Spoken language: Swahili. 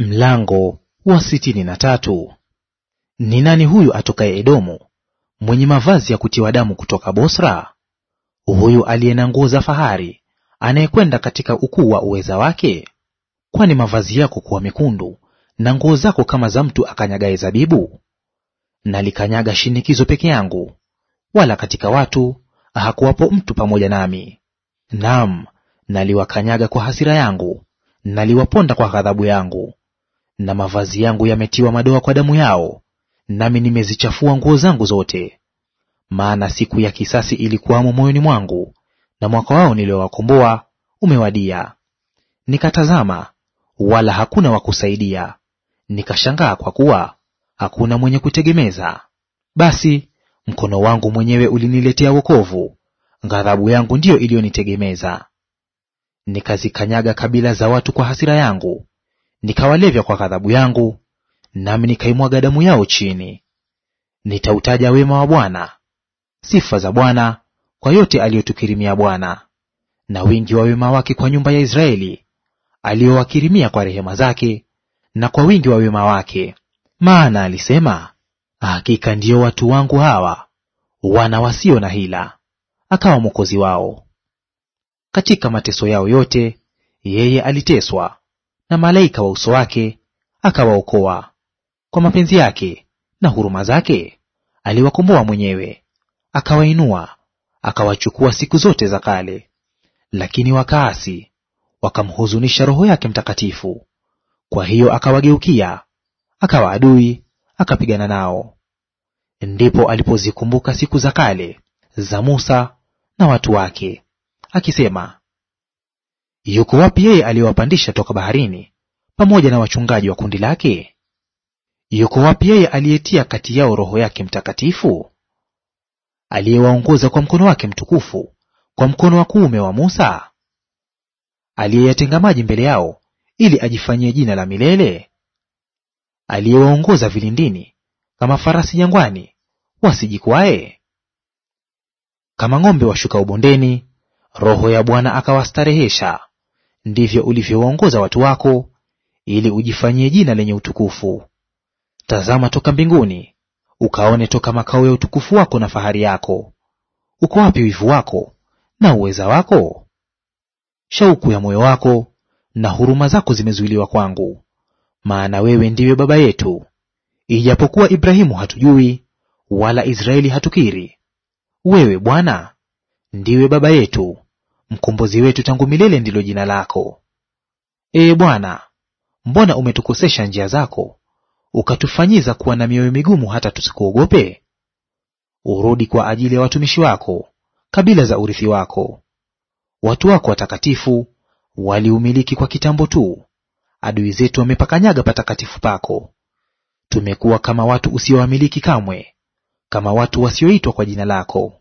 Mlango wa sitini na tatu. Ni nani huyu atokaye Edomu, mwenye mavazi ya kutiwa damu kutoka Bosra? Huyu aliye na nguo za fahari, anayekwenda katika ukuu wa uweza wake? Kwani mavazi yako kuwa mekundu na nguo zako kama za mtu akanyagaye zabibu? Nalikanyaga shinikizo peke yangu, wala katika watu hakuwapo mtu pamoja nami. Naam, naliwakanyaga kwa hasira yangu, naliwaponda kwa ghadhabu yangu na mavazi yangu yametiwa madoa kwa damu yao, nami nimezichafua nguo zangu zote. Maana siku ya kisasi ilikuwamo moyoni mwangu, na mwaka wao niliowakomboa umewadia. Nikatazama, wala hakuna wa kusaidia; nikashangaa, kwa kuwa hakuna mwenye kutegemeza. Basi mkono wangu mwenyewe uliniletea wokovu, ghadhabu yangu ndiyo iliyonitegemeza. Nikazikanyaga kabila za watu kwa hasira yangu, nikawalevya kwa ghadhabu yangu, nami nikaimwaga damu yao chini. Nitautaja wema wa Bwana, sifa za Bwana kwa yote aliyotukirimia Bwana, na wingi wa wema wake kwa nyumba ya Israeli, aliyowakirimia kwa rehema zake na kwa wingi wa wema wake. Maana alisema, hakika ndiyo watu wangu hawa, wana wasio na hila, akawa mwokozi wao. Katika mateso yao yote yeye aliteswa, na malaika wa uso wake akawaokoa. Kwa mapenzi yake na huruma zake aliwakomboa mwenyewe, akawainua akawachukua siku zote za kale. Lakini wakaasi wakamhuzunisha Roho yake Mtakatifu, kwa hiyo akawageukia, akawa adui, akapigana nao. Ndipo alipozikumbuka siku za kale za Musa na watu wake, akisema, yuko wapi yeye aliyewapandisha toka baharini pamoja na wachungaji wa kundi lake? Yuko wapi yeye aliyetia kati yao Roho yake Mtakatifu, aliyewaongoza kwa mkono wake mtukufu, kwa mkono wa kuume wa Musa? Aliyeyatenga maji mbele yao ili ajifanyie jina la milele, aliyewaongoza vilindini kama farasi jangwani wasijikwae, kama ng'ombe washuka ubondeni, Roho ya Bwana akawastarehesha ndivyo ulivyowaongoza watu wako, ili ujifanyie jina lenye utukufu. Tazama toka mbinguni, ukaone toka makao ya utukufu wako na fahari yako. Uko wapi wivu wako na uweza wako? Shauku ya moyo wako na huruma zako zimezuiliwa kwangu, maana wewe ndiwe baba yetu, ijapokuwa Ibrahimu hatujui wala Israeli hatukiri. Wewe Bwana ndiwe baba yetu, mkombozi wetu tangu milele ndilo jina lako. Ee Bwana, mbona umetukosesha njia zako, ukatufanyiza kuwa na mioyo migumu hata tusikuogope? Urudi kwa ajili ya watumishi wako, kabila za urithi wako. Watu wako watakatifu waliumiliki kwa kitambo tu, adui zetu wamepakanyaga patakatifu pako. Tumekuwa kama watu usiowamiliki kamwe, kama watu wasioitwa kwa jina lako.